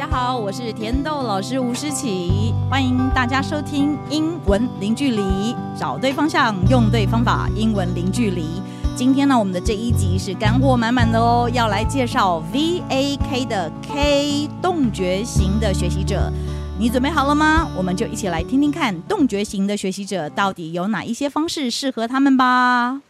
大家好，我是甜豆老師吳詩綺。歡迎大家收聽英文零距離，找對方向，用對方法，英文零距離。今天呢，我們的這一集是乾貨滿滿的哦，要來介紹 VAK 的 K 動覺型的學習者，你準備好了嗎？我們就一起來聽聽看動覺型的學習者到底有哪一些方式適合他們吧。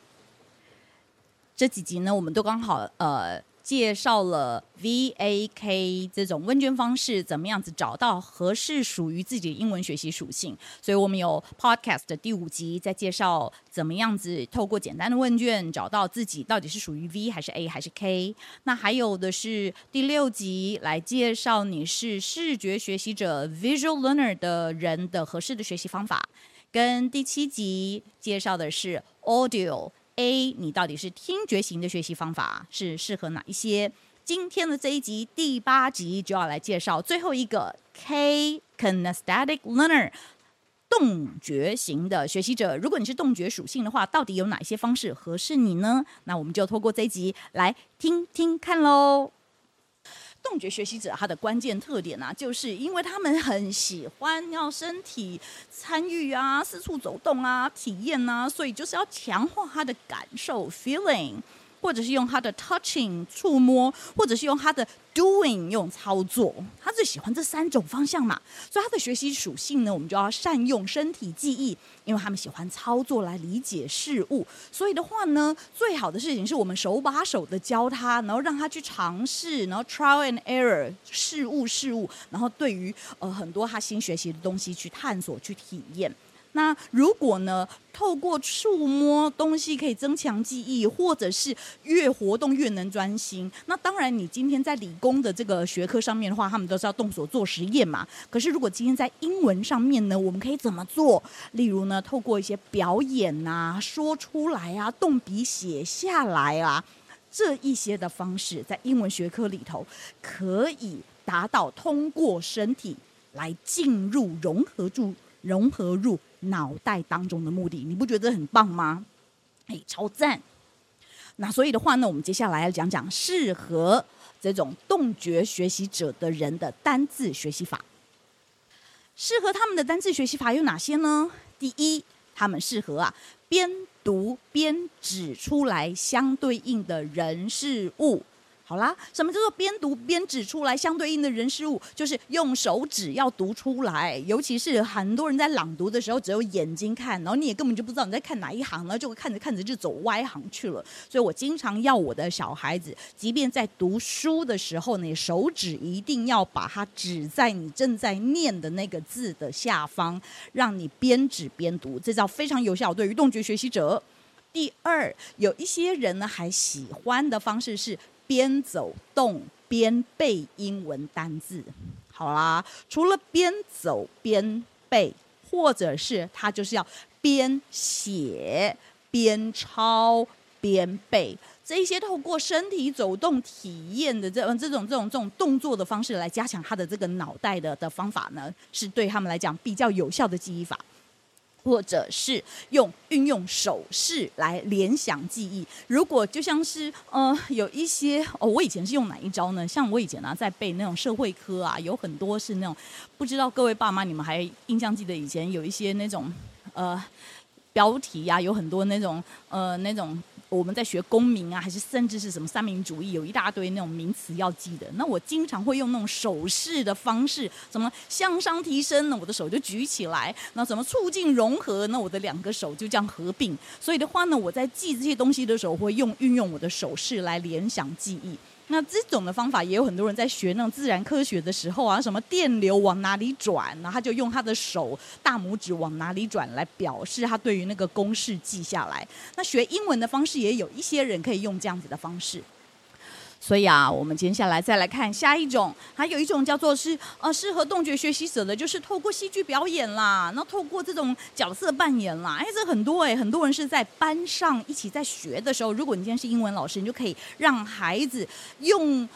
這幾集呢，我們都剛好呃。介紹了 V A K 這種問卷方式怎麼樣子找到合適屬於自己的英文學習屬性，所以我們有 podcast 的第五集在介紹怎麼樣子透過簡單的問卷找到自己到底是屬於 V 還是 A 還是 K，那還有的是第六集來介紹你是視覺學習者 visual learner 的人的合適的學習方法，跟第七集介紹的是 audio。A，你到底是聽覺型的學習方法是適合哪一些？今天的這一集第八集就要來介紹最後一個 K Kinesthetic Learner，動覺型的學習者。如果你是動覺屬性的話，到底有哪些方式合適你呢？那我們就透過這一集來聽聽看嘍。動覺學習者，他的關鍵特點呢、啊，就是因為他們很喜歡要身體參與啊、四處走動啊、體驗啊，所以就是要強化他的感受 （feeling）。或者是用他的 touching 觸摸，或者是用他的 doing 用操作，他最喜歡這三種方向嘛。所以他的學習屬性呢，我們就要善用身體記憶，因為他們喜歡操作來理解事物。所以的話呢，最好的事情是我們手把手的教他，然後讓他去嘗試，然後 trial and error 事物事物，然後對於呃很多他新學習的東西去探索去體驗。那如果呢，透過觸摸東西可以增強記憶，或者是越活動越能專心。那當然，你今天在理工的這個學科上面的話，他們都是要動手做實驗嘛。可是，如果今天在英文上面呢，我們可以怎麼做？例如呢，透過一些表演啊、說出來啊、動筆寫下來啊，這一些的方式，在英文學科裡頭，可以達到通過身體來進入融合住融合入腦袋當中的目的，你不覺得很棒嗎？嘿，超讚！那所以的話呢，我們接下來要講講適合這種動覺學習者的人的單字學習法。適合他們的單字學習法有哪些呢？第一，他們適合啊，邊讀邊指出來相對應的人事物。好啦，什麼叫做邊讀邊指出來相對應的人事物？就是用手指要讀出來，尤其是很多人在朗讀的時候，只有眼睛看，然後你也根本就不知道你在看哪一行，然後就會看着看着就走歪行去了。所以我經常要我的小孩子，即便在讀書的時候，你手指一定要把它指在你正在念的那個字的下方，讓你邊指邊讀，這叫非常有效，對於動覺學習者。第二，有一些人呢還喜歡的方式是邊走動邊背英文單字。好啦，除了邊走邊背，或者是他就是要邊寫邊抄邊背，這一些透過身體走動體驗的這種這種這種這種動作的方式來加強他的這個腦袋的的方法呢，是對他們來講比較有效的記憶法。或者是用運用手勢來聯想記憶。如果就像是呃，有一些哦，我以前是用哪一招呢？像我以前呢、啊，在背那種社會科啊，有很多是那種不知道各位爸媽，你們還印象記得以前有一些那種呃標題呀、啊，有很多那種呃那種。我們在學公民啊，還是甚至是什麼三民主義，有一大堆那種名詞要記的。那我經常會用那種手勢的方式，怎麼向上提升呢？我的手就舉起來。那怎麼促進融合呢？我的兩個手就這樣合併。所以的話呢，我在記這些東西的時候，會用運用我的手勢來聯想記憶。那這種的方法，也有很多人在學那種自然科學的時候啊，什麼電流往哪裡轉，然後他就用他的手大拇指往哪裡轉，來表示他對於那個公式記下來。那學英文的方式也有一些人可以用這樣子的方式。所以啊，我們接下來再來看下一種，還有一種叫做是呃、啊、適合動覺學習者的，就是透過戲劇表演啦，那透過這種角色扮演啦，哎，這很多哎，很多人是在班上一起在學的時候，如果你今天是英文老師，你就可以讓孩子用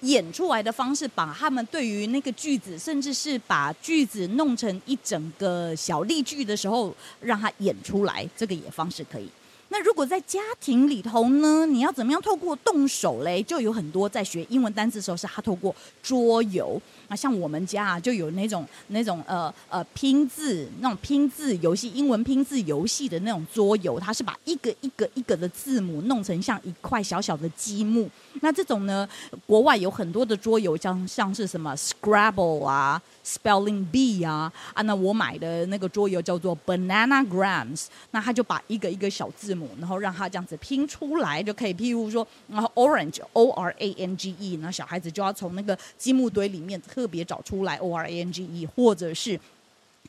演出來的方式，把他們對於那個句子，甚至是把句子弄成一整個小例句的時候，讓他演出來，這個也方式可以。那如果在家庭裡頭呢？你要怎麼樣透過動手嘞？就有很多在學英文單詞的時候，是他透過桌遊。那像我們家啊，就有那種那種呃呃拼字那種拼字遊戲，英文拼字遊戲的那種桌遊，它是把一個一個一個的字母弄成像一塊小小的積木。那這種呢，國外有很多的桌遊，像像是什麼 Scrabble 啊、Spelling Bee 啊。啊，那我買的那個桌遊叫做 Banana Grams。那他就把一個一個小字。然後讓他這樣子拼出來就可以，譬如說，那 orange O-R-A-N-G-E，那小孩子就要從那個積木堆裡面特別找出來 O-R-A-N-G-E，或者是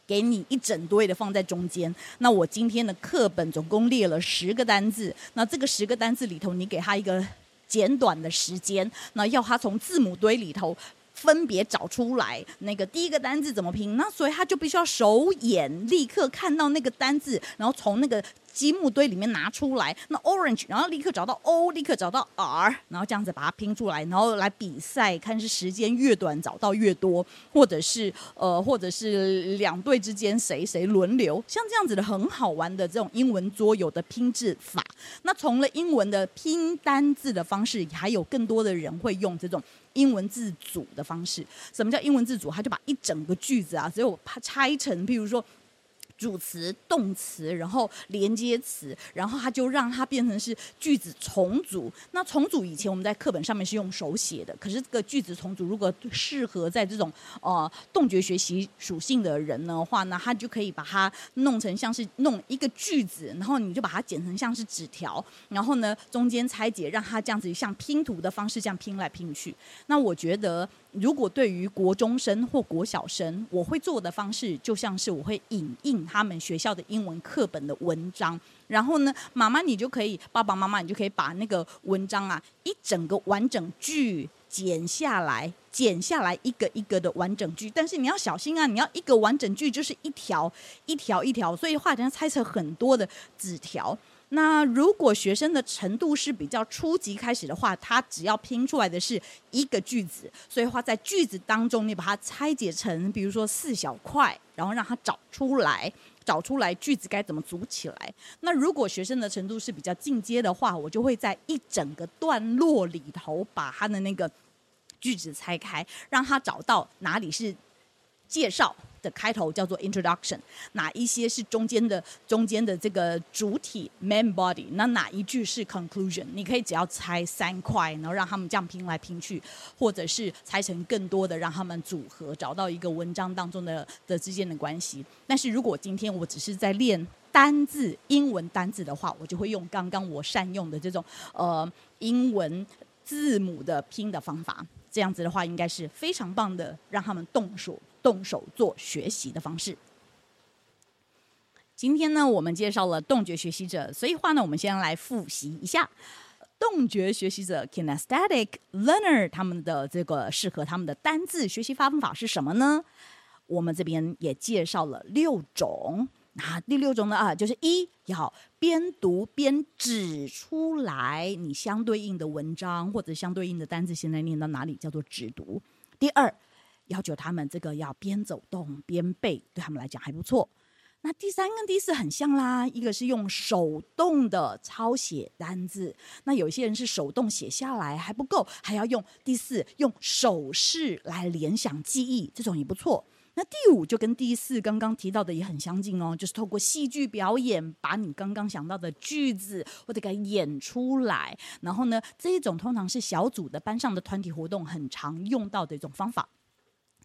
給你一整堆的放在中間。那我今天的課本總共列了十個單字，那這個十個單字裡頭，你給他一個簡短的時間，那要他從字母堆裡頭分別找出來那個第一個單字怎麼拼。那所以他就必須要手眼立刻看到那個單字，然後從那個。積木堆裡面拿出來，那 orange，然後立刻找到 o，立刻找到 r，然後這樣子把它拼出來，然後來比賽，看是時間越短找到越多，或者是呃，或者是兩隊之間誰誰輪流，像這樣子的很好玩的這種英文桌遊的拼字法。那除了英文的拼單字的方式，還有更多的人會用這種英文字組的方式。什麼叫英文字組？他就把一整個句子啊，所以我怕拆成，譬如說。主詞、動詞，然後連接詞，然後它就讓它變成是句子重組。那重組以前我們在課本上面是用手寫的，可是這個句子重組如果適合在這種呃動覺學習屬性的人的話呢，那他就可以把它弄成像是弄一個句子，然後你就把它剪成像是紙條，然後呢中間拆解，讓它這樣子像拼圖的方式這樣拼來拼去。那我覺得。如果對於國中生或國小生，我會做的方式，就像是我會影印他們學校的英文課本的文章，然後呢，媽媽你就可以，爸爸媽媽你就可以把那個文章啊，一整個完整句剪下來。剪下來一個一個的完整句，但是你要小心啊！你要一個完整句就是一條一條一條，所以話要猜測很多的紙條。那如果學生的程度是比較初級開始的話，他只要拼出來的是一個句子，所以話在句子當中你把它拆解成，比如說四小塊，然後讓他找出來，找出來句子該怎麼組起來。那如果學生的程度是比較進階的話，我就會在一整個段落裡頭把它的那個。句子拆開，讓他找到哪裡是介紹的開頭，叫做 introduction，哪一些是中間的中間的這個主體 main body，那哪一句是 conclusion？你可以只要拆三塊，然後讓他們這樣拼來拼去，或者是拆成更多的，讓他們組合，找到一個文章當中的的之間的關係。但是如果今天我只是在練單字，英文單字的話，我就會用剛剛我善用的這種呃英文字母的拼的方法。這樣子的話，應該是非常棒的，讓他們動手動手做學習的方式。今天呢，我們介紹了動覺學習者，所以話呢，我們先來複習一下動覺學習者 Kinesthetic Learner 他們的這個適合他們的單字學習方法是什麼呢？我們這邊也介紹了六種。那，啊，第六種呢，啊，就是一要邊讀邊指出來你相對應的文章或者相對應的單字現在念到哪裡，叫做指讀。第二，要求他們這個要邊走動邊背，對他們來講還不錯。那第三跟第四很像啦，一個是用手動的抄寫單字，那有些人是手動寫下來還不夠，還要用第四用手勢來聯想記憶，這種也不錯。那第五就跟第四剛剛提到的也很相近哦，就是透過戲劇表演，把你剛剛想到的句子或者給演出來。然後呢，這一種通常是小組的班上的團體活動很常用到的一種方法。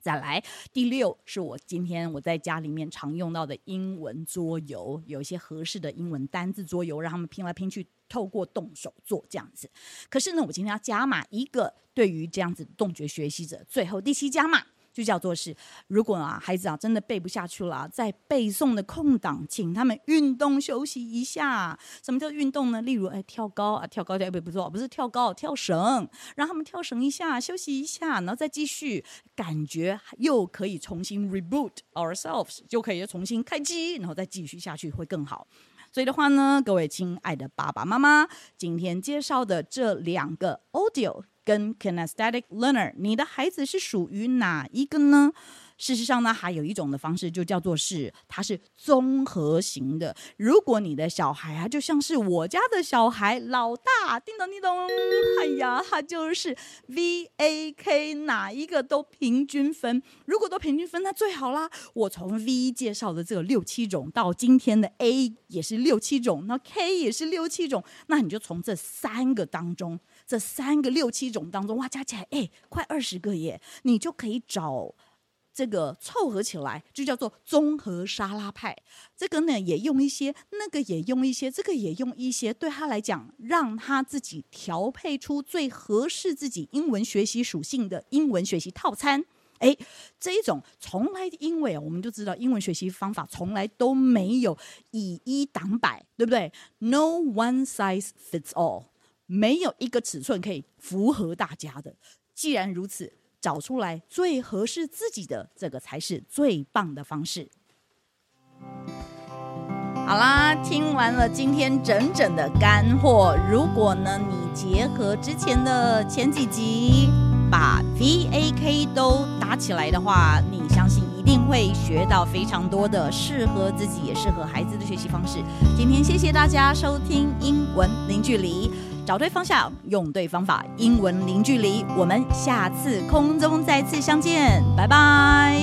再來，第六是我今天我在家裡面常用到的英文桌遊，有一些合適的英文單字桌遊，讓他們拼來拼去，透過動手做這樣子。可是呢，我今天要加碼一個，對於這樣子動覺學習者，最後第七加碼。就叫做是，如果啊孩子啊真的背不下去了啊，在背誦的空檔，請他們運動休息一下。什麼叫運動呢？例如，哎跳高啊，跳高跳哎不不錯，不是跳高，跳繩，讓他們跳繩一下，休息一下，然後再繼續，感覺又可以重新 reboot ourselves，就可以重新開機，然後再繼續下去會更好。所以的話呢，各位親愛的爸爸媽媽，今天介紹的這兩個 audio 跟 kinesthetic learner，你的孩子是屬於哪一個呢？事實上呢，還有一種的方式，就叫做是，它是綜合型的。如果你的小孩啊，就像是我家的小孩老大，叮咚叮咚，哎呀，它就是 V A K 哪一個都平均分。如果都平均分，那最好啦。我從 V 介紹的這個六七種，到今天的 A 也是六七種，那 K 也是六七種，那你就從這三個當中，這三個六七種當中，哇，加起來哎，快二十個耶，你就可以找。這個湊合起來就叫做綜合沙拉派。這個呢也用一些，那個也用一些，這個也用一些。對他來講，讓他自己調配出最合適自己英文學習屬性的英文學習套餐。哎，這一種從來，因為我們就知道，英文學習方法從來都沒有以一擋百，對不對？No one size fits all，沒有一個尺寸可以符合大家的。既然如此。找出來最合適自己的，這個才是最棒的方式。好啦，聽完了今天整整的乾貨，如果呢你結合之前的前幾集，把 VAK 都打起來的話，你相信一定會學到非常多的適合自己也適合孩子的學習方式。今天謝謝大家收聽英文零距離。找對方向，用對方法，英文零距離。我們下次空中再次相見，拜拜。